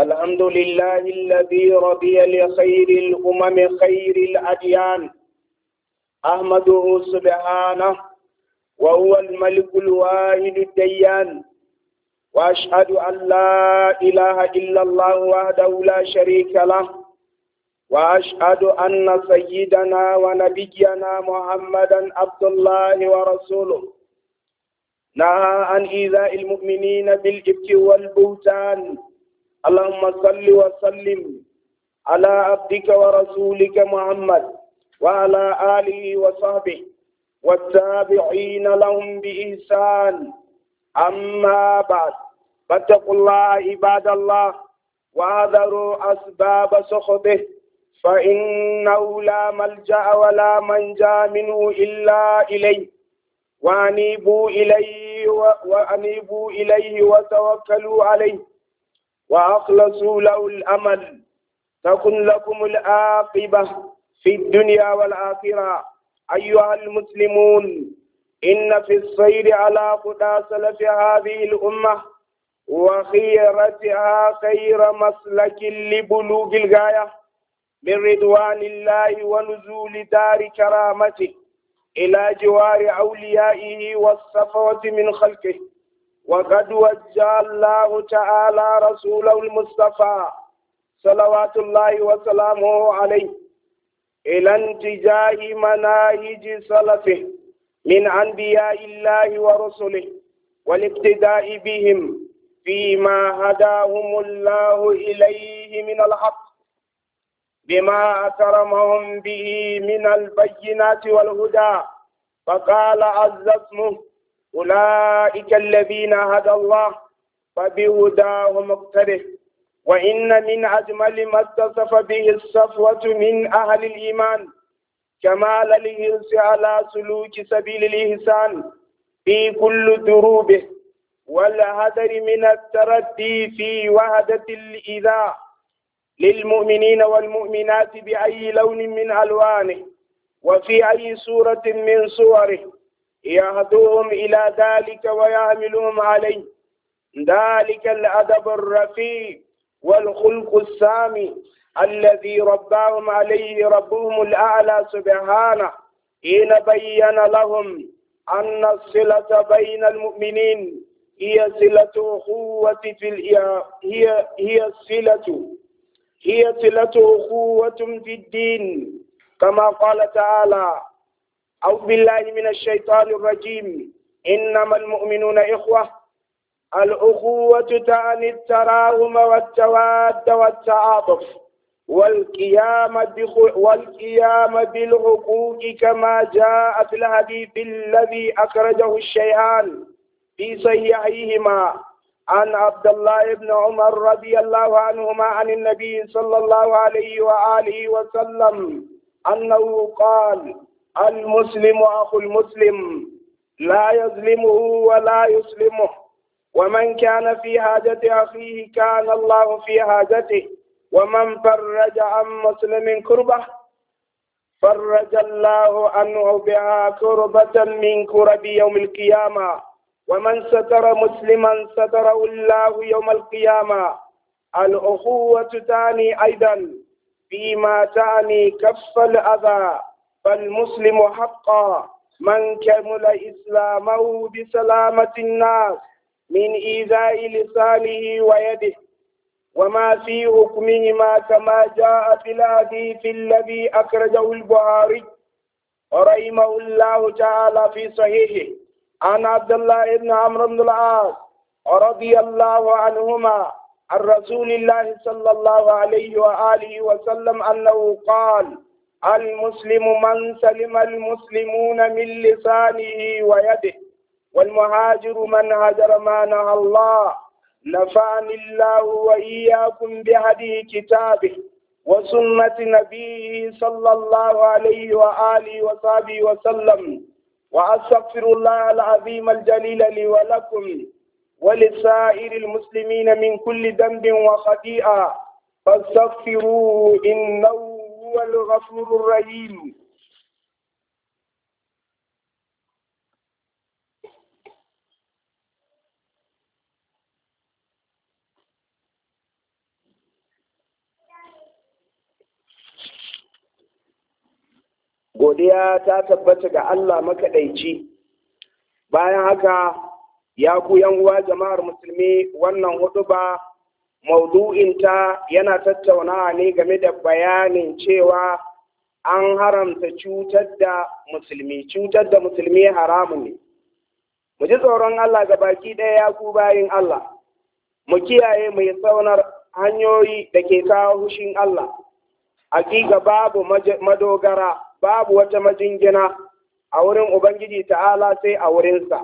الحمد لله الذي رضي لخير الأمم خير الأديان أحمده سبحانه وهو الملك الواحد الديان وأشهد أن لا إله إلا الله وحده لا شريك له وأشهد أن سيدنا ونبينا محمدا عبد الله ورسوله نهى عن إيذاء المؤمنين بالجبت والبهتان اللهم صل وسلم على عبدك ورسولك محمد وعلى آله وصحبه والتابعين لهم بإحسان أما بعد فاتقوا الله عباد الله واذروا أسباب سخطه فإنه لا ملجأ ولا منجا منه إلا إليه وأنيبوا إليه وأنيبوا إليه وتوكلوا عليه وأخلصوا له الأمل تكن لكم العاقبة في الدنيا والآخرة أيها المسلمون إن في السير على خدى سلف هذه الأمة وخيرتها خير مسلك لبلوغ الغاية من رضوان الله ونزول دار كرامته إلى جوار أوليائه والصفوة من خلقه وقد وجه الله تعالى رسوله المصطفى صلوات الله وسلامه عليه إلى انتجاه مناهج سلفه من أنبياء الله ورسله والاقتداء بهم فيما هداهم الله إليه من الحق بما أكرمهم به من البينات والهدى فقال عز اسمه أولئك الذين هدى الله فبهداه اقترف وإن من أجمل ما اتصف به الصفوة من أهل الإيمان كمال الهرس على سلوك سبيل الإحسان في كل دروبه والهدر من التردي في وهدة الإذاء للمؤمنين والمؤمنات بأي لون من ألوانه وفي أي صورة من صوره يهدوهم إلى ذلك ويعملهم عليه ذلك الأدب الرفيع والخلق السامي الذي رباهم عليه ربهم الأعلى سبحانه حين بين لهم أن الصلة بين المؤمنين هي صلة أخوة في ال... هي هي الصلة هي صلة أخوة في الدين كما قال تعالى أو بالله من الشيطان الرجيم إنما المؤمنون إخوة الأخوة تعني التراهم والتواد والتعاطف والقيام والقيام بالحقوق كما جاء في الحديث الذي أخرجه الشيعان في صحيحيهما عن عبد الله بن عمر رضي الله عنهما عن النبي صلى الله عليه وآله وسلم أنه قال المسلم أخو المسلم لا يظلمه ولا يسلمه ومن كان في حاجة أخيه كان الله في حاجته ومن فرج عن مسلم كربة فرج الله عنه بها كربة من كرب يوم القيامة ومن ستر مسلما ستره الله يوم القيامة الأخوة تاني أيضا فيما تاني كف الأذى فالمسلم حقا من كمل إسلامه بسلامة الناس من إيذاء لسانه ويده وما في حكمهما كما جاء في الحديث الذي أخرجه البخاري ورحمه الله تعالى في صحيحه عن عبد الله بن عمرو بن العاص رضي الله عنهما عن رسول الله صلى الله عليه وآله وسلم أنه قال المسلم من سلم المسلمون من لسانه ويده والمهاجر من هجر ما نهى الله نفعني الله وإياكم بهدي كتابه وسنة نبيه صلى الله عليه وآله وصحبه وسلم وأستغفر الله العظيم الجليل لي ولكم ولسائر المسلمين من كل ذنب وخطيئة فاستغفروه إنه هو الغفور الرحيم godiya ta tabbata ga Allah makaɗaici bayan haka ya ku uwa jama'ar musulmi wannan hudu ba maudu'inta yana tattaunawa ne game da bayanin cewa an haramta cutar da musulmi cutar da musulmi haramun ne mu ji tsoron Allah ga baki ɗaya ya ku bayin Allah mu kiyaye mai saunar hanyoyi da ke kawo hushin Allah hakika babu madogara babu wata majingina a wurin Ubangiji ta'ala sai a wurinsa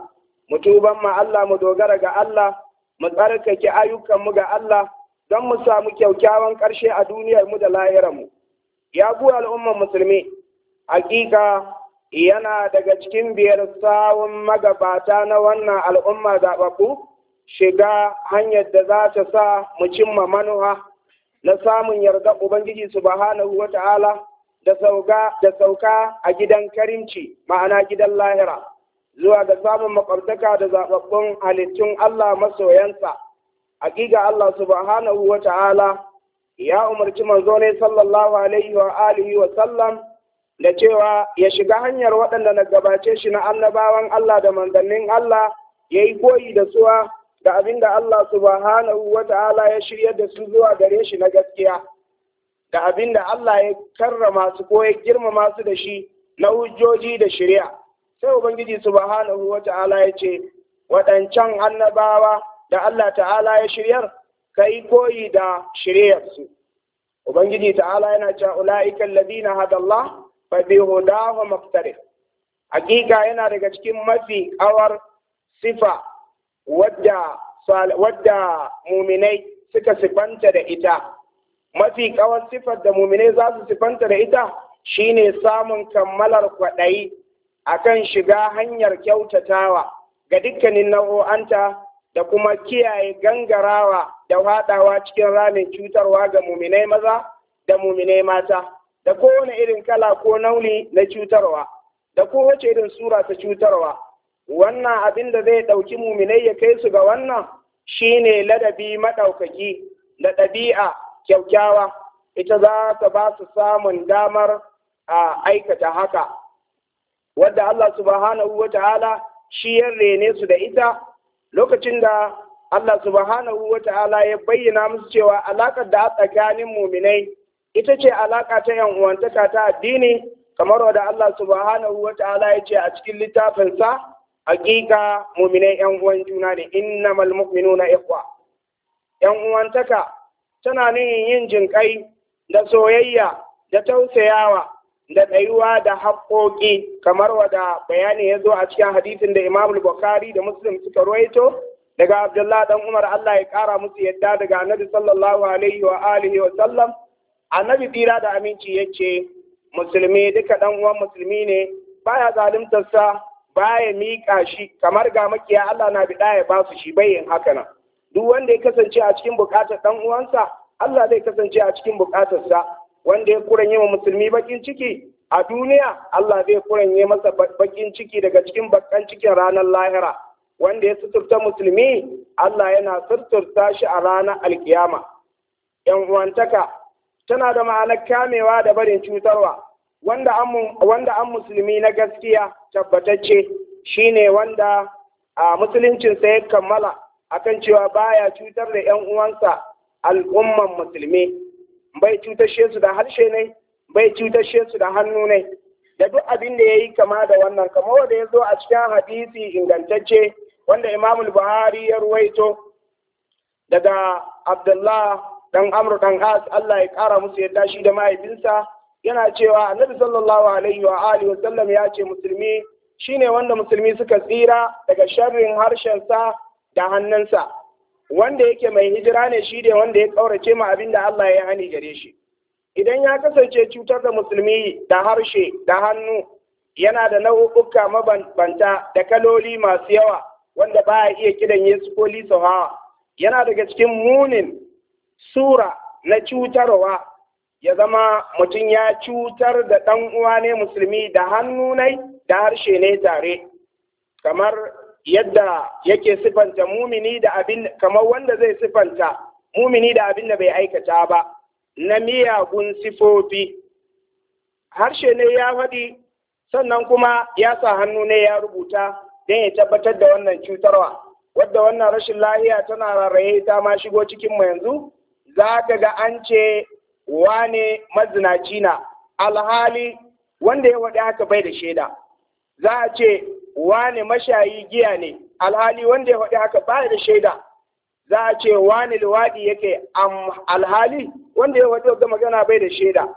mu tuban ma Allah mu dogara ga Allah mu tsarkake ayyukanmu ga Allah don mu samu kyaukyawan ƙarshe a duniyarmu da lahirarmu. Ya buwa al'umman musulmi, hakika yana daga cikin biyar sawun magabata na wannan al'umma zaɓaɓɓu shiga hanyar da za ta sa mu cimma manuwa na samun yarda Ubangiji subhanahu wa ta'ala da sauka a gidan karimci ma'ana gidan lahira. zuwa ga samun makwabtaka da zaɓaɓɓun halittun Allah masoyansa hakika Allah subhanahu wa ta'ala ya umarci manzo ne sallallahu alaihi wa alihi wa sallam da cewa ya shiga hanyar waɗanda na gabace shi na annabawan Allah da manzannin Allah ya yi koyi da suwa da abin da Allah subhanahu wa ta'ala ya shirya da su zuwa gare shi na gaskiya da abin da Allah ya karrama su ko ya girmama su da shi na hujjoji da shirya. sai ubangiji subhanahu wa ta'ala ya ce waɗancan annabawa da Allah ta'ala ya shiryar yi koyi da shiryarsu ubangiji ta'ala yana cewa ula'ika labina hadallah Allah fa bi wa maftare. hakika yana daga cikin mafi awar sifa wadda muminai suka sifanta da ita mafi kawar sifar da muminai za su sifanta da ita shine samun kammalar kwaɗayi akan shiga hanyar kyautatawa ga dukkanin nau'o'anta da kuma kiyaye gangarawa da haɗawa cikin ramin cutarwa ga muminai maza da muminai mata da kowane irin kala ko nauni na cutarwa da kowace irin sura ta cutarwa wannan abin da zai ɗauki muminai ya kai su ga wannan shine ladabi maɗaukaki da ɗabi'a kyaukyawa ita za ta ba su samun damar a aikata haka wadda Allah subhanahu wa ta'ala shi ya rene su da ita lokacin da Allah subhanahu wa ta'ala ya bayyana musu cewa alaƙar da tsakanin muminai ita ce alaƙa ta ‘yan uwantaka ta addini kamar wadda Allah subhanahu wa ta'ala ya ce a cikin littafinsa hakika muminai ‘yan uwan juna ne innamal mu'minuna ikwa. ‘yan uwantaka tana nihin yin jinƙai da soyayya da tausayawa da tsayuwa da haƙoƙi kamar wada bayani ya zo a cikin hadisin da Imam Bukhari da Muslim suka ruwaito daga Abdullah dan Umar Allah ya ƙara musu yadda daga Annabi sallallahu alaihi wa alihi wa sallam Annabi tsira da aminci yake musulmi duka dan uwan musulmi ne baya zaluntar sa baya miƙa shi kamar ga makiya Allah na bi ya ba su shi bayin haka nan duk wanda ya kasance a cikin buƙatar dan uwansa Allah zai kasance a cikin sa wanda ya kuranye ma musulmi bakin ciki a duniya Allah zai kuranye masa bakin ciki daga cikin bakan cikin ranar lahira wanda ya suturta musulmi Allah yana suturta shi a ranar alkiyama yan uwantaka tana da ma'anar kamewa da barin cutarwa wanda an wanda an musulmi na gaskiya tabbatacce shine wanda a sa ya kammala akan cewa baya cutar da yan uwansa al'umman musulmi bai cutashe su da harshe ne bai cutashe su da hannu ne da duk abin da yayi kama da wannan kamar wanda ya zo a cikin hadisi ingantacce wanda Imam Buhari ya ruwaito daga Abdullah dan Amr dan As Allah ya kara musu yadda shi da mahaifinsa yana cewa Annabi sallallahu alaihi wa alihi wa sallam ya ce musulmi shine wanda musulmi suka tsira daga sharrin harshensa da hannunsa wanda yake mai hijira ne shi ne wanda ya ƙaurace ma abin da Allah ya hani gare shi idan ya kasance cutar da musulmi da harshe da hannu yana da nau'uka mabambanta da kaloli masu yawa wanda ba a iya kidan Yesu ko lisawa yana daga cikin munin sura na cutarwa ya zama mutum ya cutar da ɗan uwa ne musulmi da hannunai da harshe ne tare kamar yadda yake sifanta mumini da abin kamar wanda zai sifanta mumini da abin da bai aikata ba na miyagun sifofi harshe ne ya faɗi sannan kuma ya sa hannu ne ya rubuta don ya tabbatar da wannan cutarwa wadda wannan rashin lahiya tana rarraye ta ma shigo cikin mu yanzu za ka ga an ce ne mazinaci na alhali wanda ya waɗi haka bai da shaida za a ce wane mashayi giya ne alhali wanda ya faɗi haka baya da shaida za a ce wani luwaɗi yake alhali wanda ya faɗi ga magana bai da shaida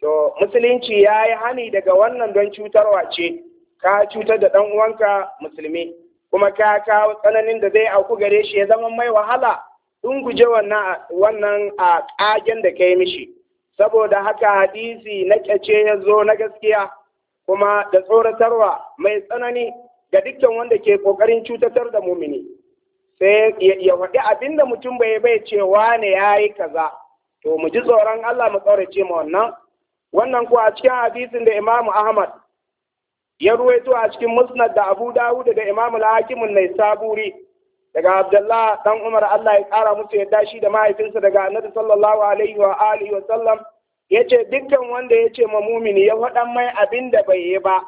to musulunci ya yi hani daga wannan don cutarwa ce ka cutar da ɗan uwanka musulmi kuma ka kawo tsananin da zai auku gare shi ya zama mai wahala in guje wannan a ƙagen da ka yi mishi saboda haka hadisi na ƙyace ya zo na gaskiya kuma da tsoratarwa mai tsanani ga dukkan wanda ke kokarin cutatar da mumini sai ya faɗi abin da mutum bai bai cewa ne ya yi kaza to mu ji tsoron Allah mu tsorace ma wannan wannan kuwa a cikin hadisin da Imam Ahmad ya ruwaito a cikin Musnad da Abu Dawud da Imam Al-Hakim an daga Abdullah dan Umar Allah ya kara musu yadda shi da mahaifinsa daga Annabi sallallahu alaihi wa alihi wa sallam ya ce dukkan wanda ya ce ma mumini ya faɗan mai abin da bai yi ba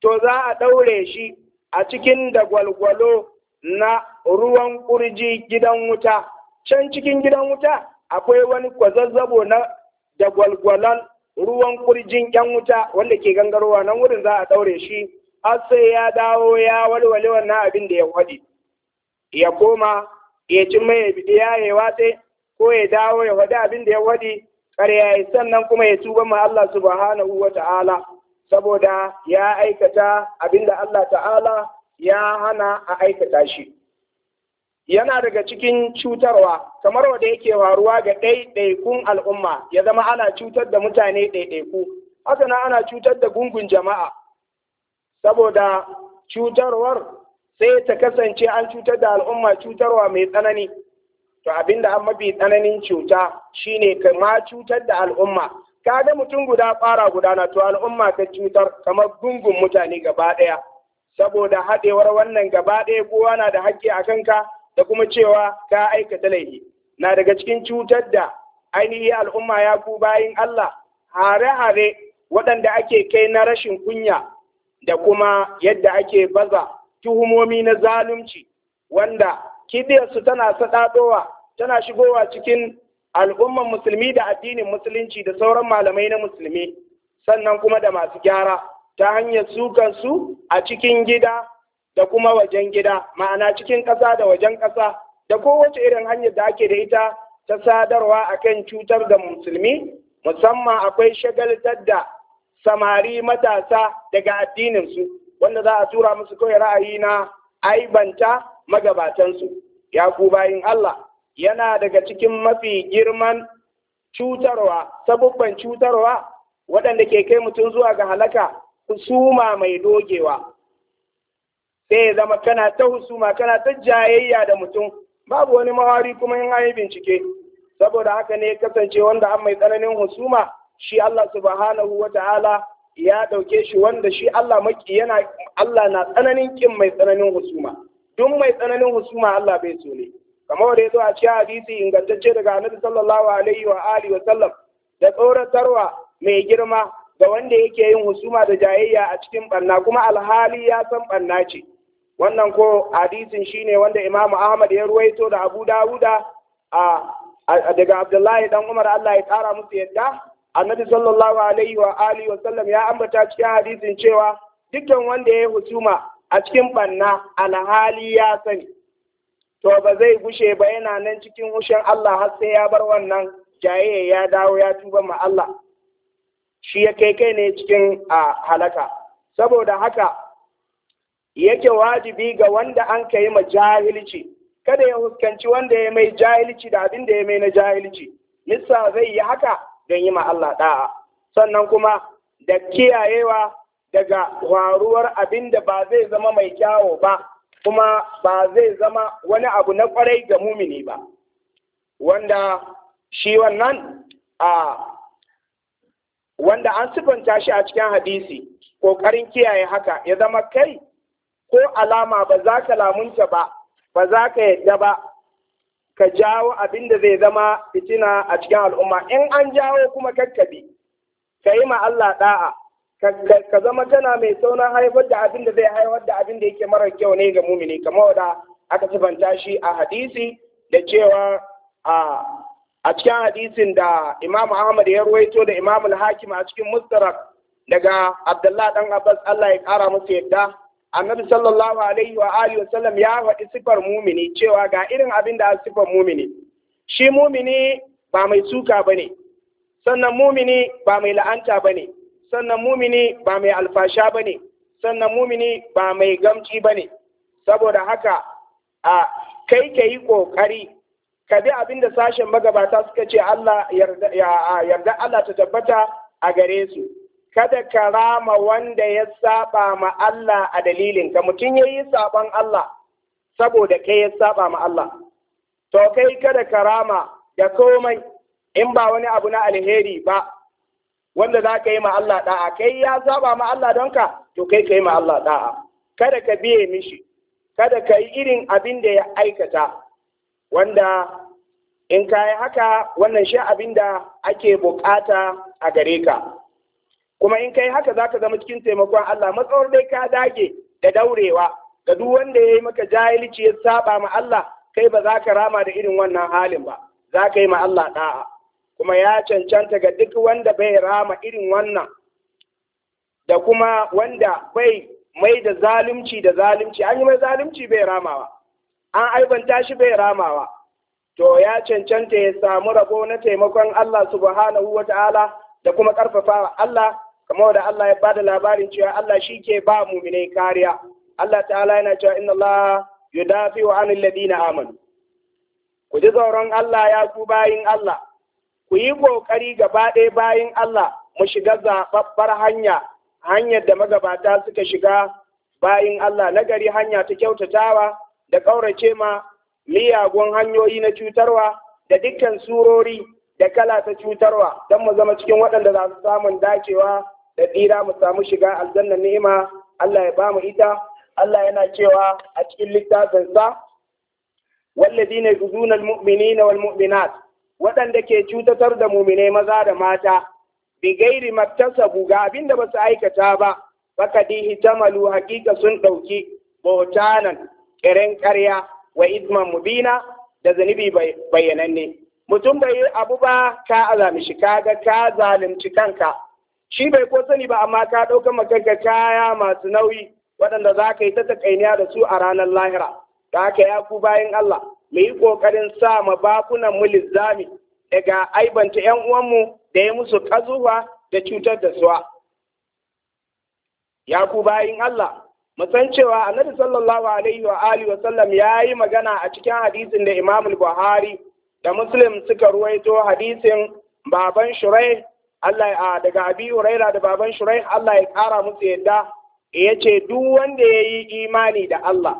to za a ɗaure shi a cikin da na ruwan ƙurji gidan wuta can cikin gidan wuta akwai wani kwazazzabo na da ruwan ƙurjin ƴan wuta wanda ke gangarowa nan wurin za a ɗaure shi har sai ya dawo ya walwale wannan abin da ya faɗi ya koma ya ci mai yayewa sai ko ya dawo ya faɗi abin da ya faɗi ƙarya yi sannan kuma ya tuba ma Allah subhanahu wa ta'ala saboda ya aikata abinda Allah ta'ala ya hana a aikata shi. Yana daga cikin cutarwa, kamar wanda yake faruwa ga ɗaiɗaikun al'umma, ya zama ana cutar da mutane ɗaiɗaiku, haka na ana cutar da gungun jama'a, saboda cutarwar sai ta kasance an cutar da al'umma cutarwa mai tsanani. to abin da an mafi tsananin cuta shine ma cutar da al'umma kaga mutum guda fara gudana to al'umma ta cutar kamar gungun mutane gaba ɗaya saboda haɗewar wannan gaba ɗaya kowa na da haƙƙi a kanka da kuma cewa ka aikata laifi na daga cikin cutar da ainihi al'umma ya ku bayin Allah hare-hare waɗanda ake kai na rashin kunya da kuma yadda ake baza tuhumomi na zalunci wanda kidiyarsu tana saɗaɗowa tana shigowa cikin al'umman musulmi da addinin musulunci da sauran malamai na musulmi sannan kuma da masu gyara ta hanyar sukansu a cikin gida da kuma wajen gida ma'ana cikin ƙasa da wajen ƙasa da kowace irin hanyar da ake da ita ta sadarwa a kan cutar da musulmi musamman akwai shagaltar da samari matasa daga addininsu wanda za a tura musu kawai ra'ayi na aibanta magabatansu ya ku bayin Allah yana daga cikin mafi girman cutarwa sabubban cutarwa waɗanda ke kai mutum zuwa ga halaka husuma mai dogewa sai ya zama kana ta husuma kana ta jayayya da mutum babu wani mawari kuma in ayi bincike saboda haka ne kasance wanda an mai tsananin husuma shi Allah subhanahu wa ta'ala ya ɗauke shi wanda shi Allah maki yana Allah na tsananin kin mai tsananin husuma duk mai tsananin husuma Allah bai so ne kamar wanda ya zo a cikin hadisi ingantacce daga annabi sallallahu alaihi wa alihi wa sallam da tsoratarwa mai girma ga wanda yake yin husuma da jayayya a cikin banna kuma alhali ya san banna ce wannan ko hadisin shine wanda Imam Ahmad ya ruwaito da Abu Dawuda a daga Abdullahi dan Umar Allah ya kara musu yadda Annabi sallallahu alaihi wa alihi wa sallam ya ambata cikin hadisin cewa dukkan wanda ya yi husuma a cikin banna alhali ya sani to ba zai gushe ba yana nan cikin wushen Allah har sai ya bar wannan jaye ya dawo ya tuba ma Allah shi ya kai kai ne cikin a halaka saboda haka yake wajibi ga wanda an kai ma jahilci kada ya huskanci wanda ya mai jahilci da abin da ya mai na jahilci nisa zai yi haka don yi ma Allah da'a sannan kuma da kiyayewa daga waruwar abinda ba zai zama mai kyawo ba kuma ba zai zama wani abu na kwarai ga mumini ba wanda shi wannan a wanda an sifanta shi a cikin hadisi ƙoƙarin kiyaye haka ya zama kai ko alama ba za ka lamunta ba ba za ka yadda ba ka jawo abin da zai zama fitina a cikin al'umma in an jawo kuma kakkabi ka yi ma Allah da'a ka zama kana mai saunan haifar da abin da zai haifar da abin da yake mara kyau ne ga mumini kamar da aka sifanta shi a hadisi da cewa a cikin hadisin da Imam Ahmad ya ruwaito da Imam Al-Hakim a cikin Mustarak daga Abdullah dan Abbas Allah ya kara musu yadda Annabi sallallahu alaihi wa alihi wa sallam ya faɗi sifar mumini cewa ga irin abin da sifar mumini shi mumini ba mai suka bane sannan mumini ba mai la'anta bane sannan mumini ba mai alfasha ba ne sannan mumini ba mai gamci ba ne saboda haka a kai ka yi ƙoƙari ka bi abin da sashen magabata suka ce Allah yarda Allah ta tabbata a gare su kada ka rama wanda ya saba ma Allah a dalilin ka mutum ya yi saban Allah saboda kai ya saba ma Allah to kai kada ka rama da komai in ba wani abu na alheri ba wanda za ka yi ma Allah da'a kai ya zaba ma Allah don ka to kai ka yi ma Allah da'a kada ka biye mishi kada ka yi irin abin da ya aikata wanda in ka yi haka wannan shi abin da ake bukata a gare ka kuma in ka yi haka za ka zama cikin taimakon Allah matsawar dai ka dage da daurewa ga duk wanda ya yi maka jahilci ya saba ma Allah kai ba za ka rama da irin wannan halin ba za ka yi ma Allah da'a kuma ya cancanta ga duk wanda bai rama irin wannan da kuma wanda bai mai da zalunci da zalunci an yi mai zalunci bai ramawa an aibanta shi bai ramawa to ya cancanta ya samu rabo na taimakon Allah subhanahu wa ta'ala da kuma ƙarfafawa Allah kamar da Allah ya bada labarin cewa Allah shi ke ba muminai kariya Allah ta'ala yana cewa inna Allah yudafi wa anil ladina amanu ku ji tsoron Allah ya ku bayin Allah ku yi ƙoƙari gaba ɗaya bayan Allah mu shiga zaɓaɓɓar hanya hanyar da magabata suka shiga bayan Allah nagari hanya ta kyautatawa da ƙaurace ma miyagun hanyoyi na cutarwa da dukkan surori da kala ta cutarwa don mu zama cikin waɗanda za su samun dacewa da tsira mu samu shiga aljanna ni'ima Allah ya ba mu ita Allah yana cewa a cikin littafinsa والذين يؤذون المؤمنين والمؤمنات waɗanda ke cutatar da mumine maza da mata bi gairi buga buga abin da basu aikata ba fakadi hitamalu hakika sun ɗauki bautanan ƙirin ƙarya wa izman mubina da zunubi bayyananne mutum bai abu ba ka azami shi kaga ka zalunci kanka shi bai ko sani ba amma ka ɗauka makanka kaya masu nauyi waɗanda za ka yi ta takainiya da su a ranar lahira da haka ya ku bayan Allah mu yi ƙoƙarin sa ma bakunan mu lizzami daga aibanta ‘yan uwanmu da ya musu ƙazuwa da cutar da suwa. Ya ku bayin Allah, mu san cewa Annabi sallallahu alaihi wa alihi wa sallam ya yi magana a cikin hadisin da Imam Buhari da Muslim suka ruwaito hadisin baban Shurai Allah daga Abi Huraira da baban Shurai Allah ya ƙara musu yadda ya ce duk wanda ya yi imani da Allah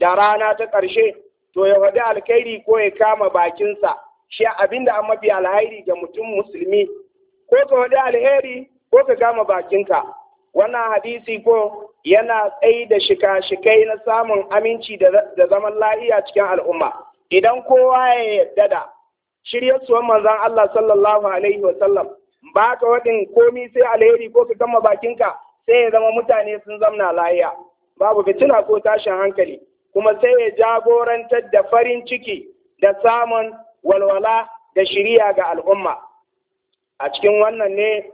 da rana ta ƙarshe to ya faɗi alkhairi ko ya kama bakinsa shi abinda an mafi alhairi ga mutum musulmi ko ka faɗi alheri ko ka kama bakinka wannan hadisi ko yana tsayi da shika-shikai na samun aminci da zaman lahiya cikin al'umma idan kowa ya yarda da shiryarsuwan manzon Allah sallallahu alaihi Wasallam, ba ka waɗin komi sai alheri ko ka kama bakinka sai ya zama mutane sun zamna lahiya babu fitina ko tashin hankali kuma sai ya jagorantar da farin ciki da samun walwala da shiriya ga al'umma a cikin wannan ne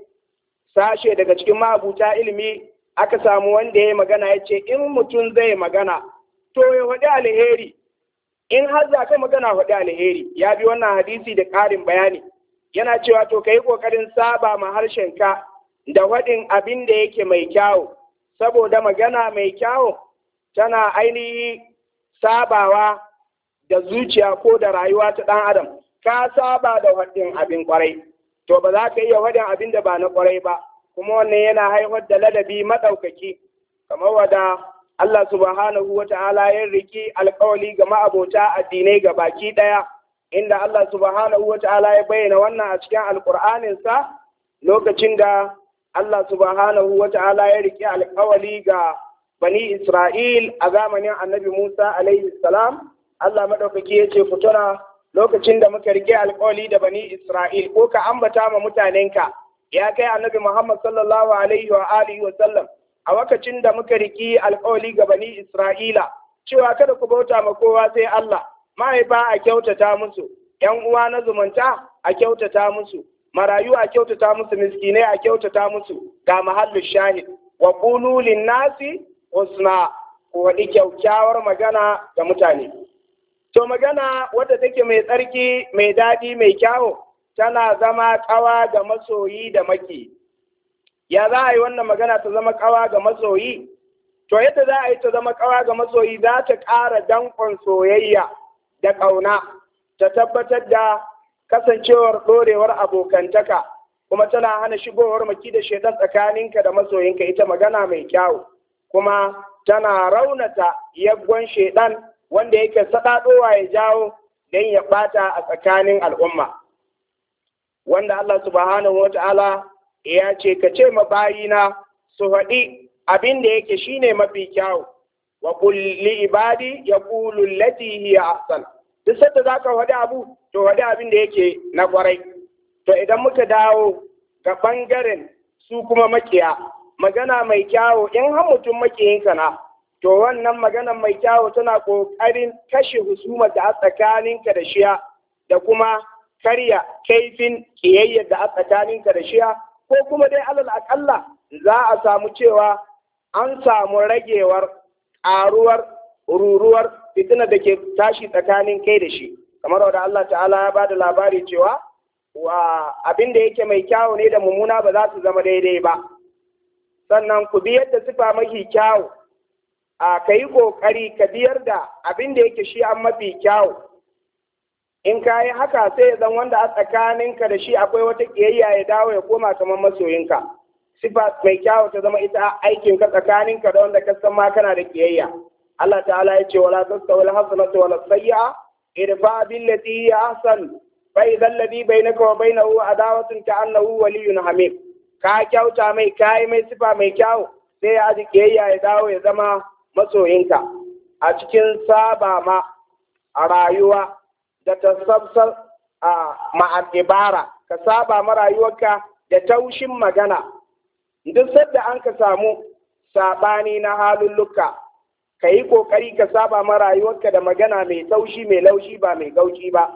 sashe daga cikin mabuta ilimi aka samu wanda ya magana ya ce in mutum zai magana to ya faɗi alheri in har za ka magana faɗi alheri ya bi wannan hadisi da ƙarin bayani yana cewa to ka yi ƙoƙarin saba ma harshen ka da faɗin abin da yake mai kyawu saboda magana mai kyawu tana ainihi sabawa da zuciya ko da rayuwa ta ɗan adam ka saba da waɗin abin ƙwarai to ba za ka iya haɗin abin da ba na ƙwarai ba kuma wannan yana haifar da ladabi maɗaukaki kamar wada Allah subhanahu wa ta'ala ya riki alƙawali ga ma'abota addinai ga baki ɗaya inda Allah subhanahu wa ta'ala ya bayyana wannan a cikin sa lokacin da Allah subhanahu wa ta'ala ya riki alƙawali ga bani Isra'il a zamanin annabi Musa alaihi salam Allah maɗaukaki ya ce fituna lokacin da muka rike alkawali da bani Isra'il ko ka ambata ma mutanenka ya kai annabi Muhammad sallallahu alaihi wa alihi wa sallam a lokacin da muka rike alkawali ga bani Isra'ila cewa kada ku bauta ma kowa sai Allah mahaifa a kyautata musu ‘yan uwa na zumunta a kyautata musu, marayu a kyautata musu, miskinai a kyautata musu, ga mahallu shahid, wa nasi husna ko waɗi kyaukyawar magana ga mutane. To magana wadda take mai tsarki, mai daɗi, mai kyawo, tana zama ƙawa ga masoyi da maki. Ya za a yi wannan magana ta zama ƙawa ga masoyi? To yadda za a yi ta zama kawa ga masoyi za ta ƙara danƙon soyayya da ƙauna, ta tabbatar da kasancewar ɗorewar abokantaka, kuma tana hana shigowar maki da shaidan tsakaninka da masoyinka ita magana mai kyawu. kuma tana raunata yaggon shaidan wanda yake saɗaɗowa ya jawo don ya ɓata a tsakanin al'umma. Wanda Allah subhanahu wa ta'ala ya ce, Ka ce ma mabayina su haɗi abin da yake shine mafi kyau. wa kulli ibadi ya kulun lati a ahsan. Duk za ka abu, to waɗi abin da yake na kwarai. To idan muka dawo ga ɓangaren su kuma makiya, magana mai kyawo in har mutum makiyinka na to wannan magana mai kyawo tana ƙoƙarin kashe husuma da tsakaninka da shiya da kuma karya kaifin ƙiyayyar da tsakaninka da shiya ko kuma dai alal akalla za a samu cewa an samu ragewar ƙaruwar ruruwar fitina da ke tashi tsakanin kai da shi kamar wadda Allah ta'ala ya bada labari cewa wa abin da yake mai kyawu ne da mummuna ba za su zama daidai ba sannan ku bi yadda sifa mafi kyawu a ka yi ƙoƙari ka biyar da abin da yake shi an mafi kyawu in ka yi haka sai ya zan wanda a tsakaninka da shi akwai wata ƙiyayya ya dawo ya koma kamar masoyinka sifa mai kyawu ta zama ita aikin ka tsakaninka da wanda ka san ma kana da ƙiyayya Allah ta'ala ya ce wala tastawi al-hasanatu wala sayyi'a irfa billati hiya ahsan fa idha alladhi bainaka wa bainahu adawatun Waliyu waliyyun hamim ka kyauta mai kayi mai sifa mai kyau sai ya ji ya dawo ya zama masoyinka a cikin saba ma a rayuwa da tasabsar a ma'adibara ka saba ma rayuwarka da taushin magana duk sadda an ka samu sabani na halulluka ka yi kokari ka saba ma rayuwarka da magana mai taushi mai laushi ba mai gauki ba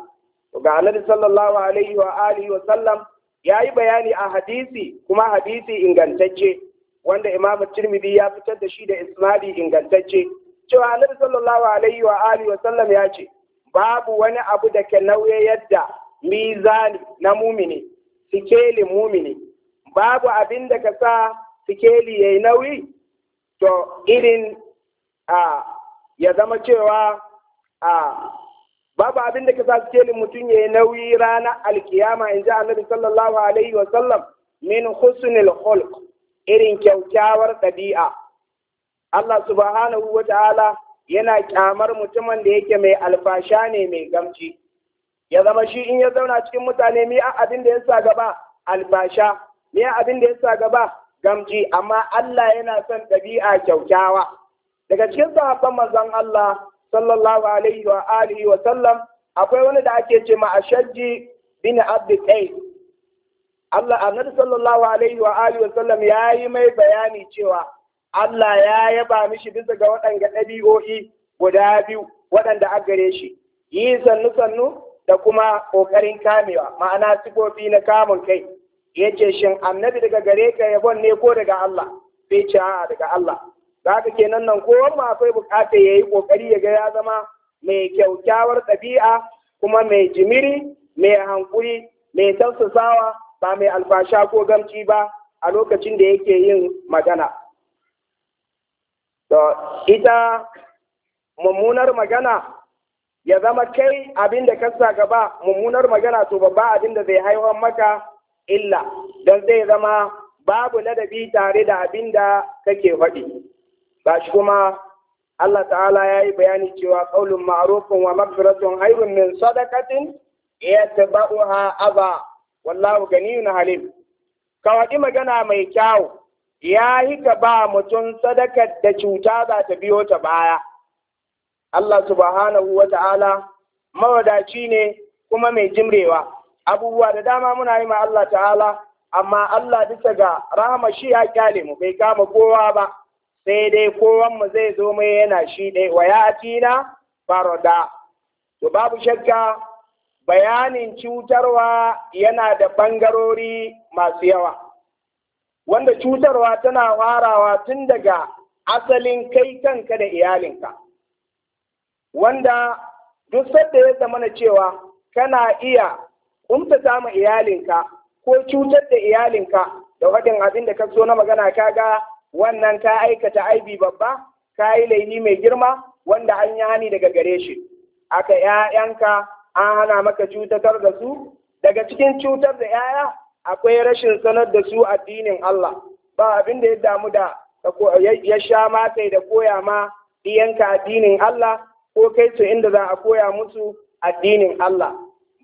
ga annabi sallallahu alaihi wa alihi wa sallam ya yi bayani a hadisi kuma hadisi ingantacce wanda imamu tirmidhi ya fitar da shi da isnadi ingantacce cewa annabi sallallahu alaihi wa alihi wa sallam ya ce babu wani abu da ke nauye yadda mizani na mumini sikeli mumini babu abin da ka sa sikeli yayi nauyi to irin a ya zama cewa a babu abin da ka sa ni mutum ya yi nauyi ranar alkiyama in ji annabi sallallahu alaihi wa sallam min husnul khulq irin kyaukyawar ɗabi'a Allah subhanahu wa ta'ala yana kyamar mutumin da yake mai alfasha ne mai gamci ya zama shi in ya zauna cikin mutane mi abin da ya sa gaba alfasha mi abin da ya sa gaba gamci amma Allah yana son ɗabi'a kyaukyawa daga cikin sahabban manzon Allah sallallahu alaihi wa alihi wa sallam akwai wani da ake ce ma ashaji bin abd qais Allah annabi sallallahu alaihi wa alihi wa sallam yayi mai bayani cewa Allah ya yaba mishi bisa ga waɗanda ɗabi'o'i guda biyu waɗanda aka gare shi yi sannu sannu da kuma ƙoƙarin kamewa ma'ana sifofi na kamun kai yace shin annabi daga gare ka yabon ne ko daga Allah bai ce daga Allah zaka kenan nan ko ma akwai bukatar ya yi kokari ya ga ya zama mai kyaukyawar ɗabi'a kuma mai jimiri mai hankuri mai tausasawa ba mai alfasha ko gamci ba a lokacin da yake yin magana to ita mummunar magana ya zama kai abin da kasa gaba mummunar magana to babba abin da zai haihuwar maka illa don zai zama babu ladabi tare da abin da kake faɗi. shi kuma Allah ta'ala ya yi bayani cewa ƙaunin ma'arufin wa mafiratun khairun min sadaqatin a aba wallahu gani na ka waɗi magana mai kyau ya yi ka ba mutum sadakar da cuta za ta biyo ta baya Allah subhanahu wa ta'ala mawadaci ne kuma mai jimrewa abubuwa da dama muna yi ma Allah ta'ala amma Allah bisa ga rahama shi ya kyale mu bai kama kowa ba sai dai kowan mu zai zo mai yana shi ɗaya wa ya farada to babu shakka bayanin cutarwa yana da ɓangarori masu yawa wanda cutarwa tana farawa tun daga asalin kai kanka da iyalinka wanda duk sadda ya zamana cewa kana iya kumtata ma iyalinka ko cutar da iyalinka da waɗin abin da ka zo na magana kaga wannan ka aikata aibi babba ka yi laifi mai girma wanda an yi hani daga gare shi aka ‘ya'yanka an hana maka cutar da su daga cikin cutar da ‘ya'ya akwai rashin sanar da su addinin Allah ba abin da ya damu da ya sha matai da koya ma iyanka addinin Allah ko kai su inda za a koya musu addinin Allah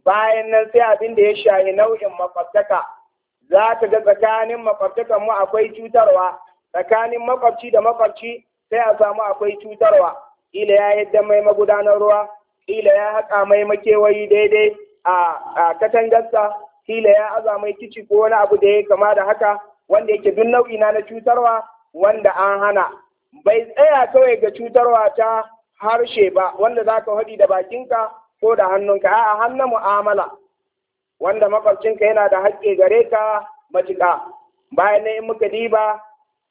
bayan nan sai abin da ya shahi nau'in mafartaka. za ta ga tsakanin mafartakanmu mu akwai cutarwa tsakanin makwabci da makwabci sai a samu akwai cutarwa ila ya yadda mai magudanar ruwa ila ya haƙa mai makewayi daidai a katangarsa ila ya aza mai kici ko wani abu da ya kama da haka wanda yake duk nau'i na cutarwa wanda an hana bai tsaya kawai ga cutarwa ta harshe ba wanda za ka haɗi da bakinka ko da hannunka a hannun mu'amala wanda makwabcinka yana da haƙƙi gare ka matuƙa bayan na in muka diba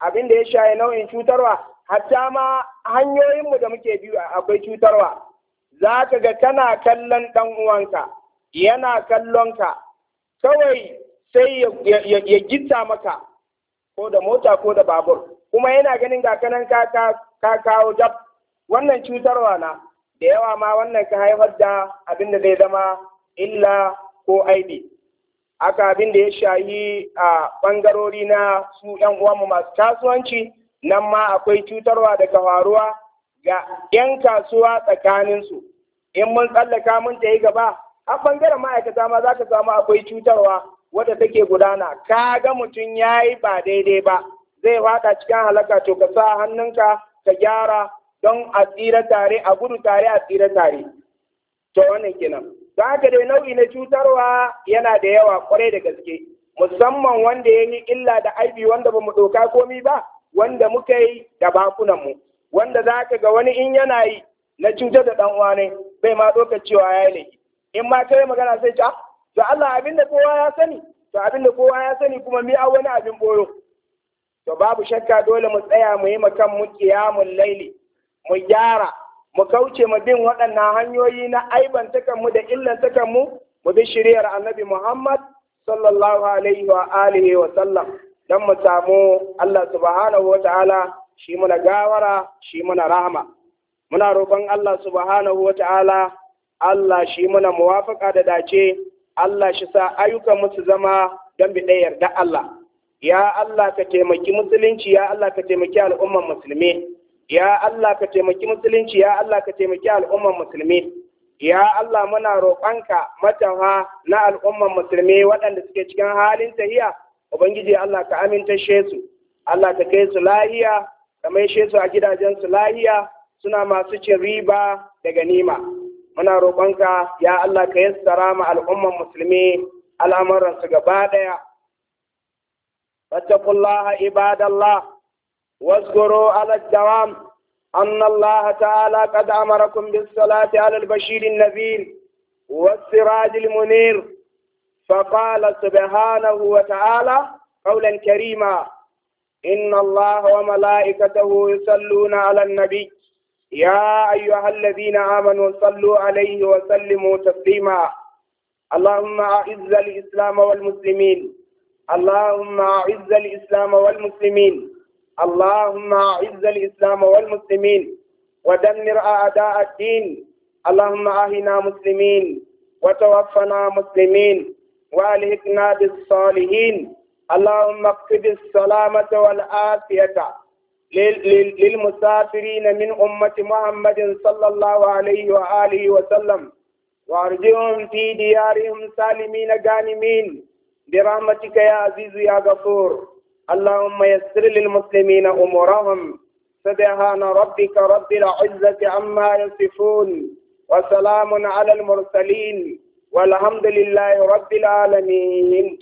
abin da ya shaye nau'in cutarwa hatta ma hanyoyinmu da muke biyu akwai cutarwa za ka ga kana kallon ɗan uwanka yana kallon ka kawai sai ya gita maka ko da mota ko da babur kuma yana ganin ga kanan ka kawo jab, wannan cutarwa na da yawa ma wannan ka haifar da abin da zai zama illa ko aibi aka abin da ya shayi a ɓangarori na su ‘yan uwanmu masu kasuwanci nan ma akwai cutarwa daga faruwa ga ‘yan kasuwa tsakaninsu in mun tsallaka mun ta yi gaba a ɓangaren ma'aikata ma za ka samu akwai cutarwa wadda take gudana ka ga mutum ya yi ba daidai ba zai faɗa cikin halaka to ka sa hannunka ka gyara don a tsira tare a gudu tare a tsira tare to wannan kenan don haka dai nau'i na cutarwa yana da yawa kwarai da gaske musamman wanda ya yi illa da aibi wanda ba mu ɗauka komi ba wanda muka yi da bakunanmu wanda za ka ga wani in yana yi na cutar da ɗan ne bai ma ɗaukar cewa ya yi in ma kai magana sai ca ah, to Allah abin da kowa ya sani to abin da kowa ya sani kuma mi a wani abin boyo to babu shakka dole mu tsaya mu yi kan mu mun laili mu gyara mu kauce mu bin waɗannan hanyoyi na aiban mu da illan mu mu bi shiriyar annabi Muhammad sallallahu alaihi wa alihi wa sallam dan mu samu Allah subhanahu wa ta'ala shi muna gawara shi muna rahama muna roƙon Allah subhanahu wa ta'ala Allah shi muna muwafaka da dace Allah shi sa ayyukan mu su zama don biɗe yarda Allah ya Allah ka taimaki musulunci ya Allah ka taimaki al'umman musulmi ya Allah ka taimaki musulunci ya Allah ka taimaki al'umman musulmi ya Allah muna roƙonka matafa na al'umman musulmi waɗanda suke cikin halin tahiya ubangiji Allah ka aminta su Allah ka kai su lahiya ka mai su a gidajen su lahiya suna masu cin riba da ganima muna roƙonka ya Allah ka yassara ma al'umman musulmi al'amuransu gaba ɗaya fattakullaha ibadallah واذكروا على الدوام أن الله تعالى قد أمركم بالصلاة على البشير النذير والسراج المنير فقال سبحانه وتعالى قولا كريما إن الله وملائكته يصلون على النبي يا أيها الذين آمنوا صلوا عليه وسلموا تسليما اللهم أعز الإسلام والمسلمين اللهم أعز الإسلام والمسلمين اللهم أعز الإسلام والمسلمين ودمر أعداء الدين اللهم أهنا مسلمين وتوفنا مسلمين والهتنا بالصالحين اللهم اقصد السلامة والآفية للمسافرين من أمة محمد صلى الله عليه وآله وسلم وارجعهم في ديارهم سالمين غانمين برحمتك يا عزيز يا غفور اللهم يسر للمسلمين أمورهم سبحان ربك رب العزة عما يصفون وسلام على المرسلين والحمد لله رب العالمين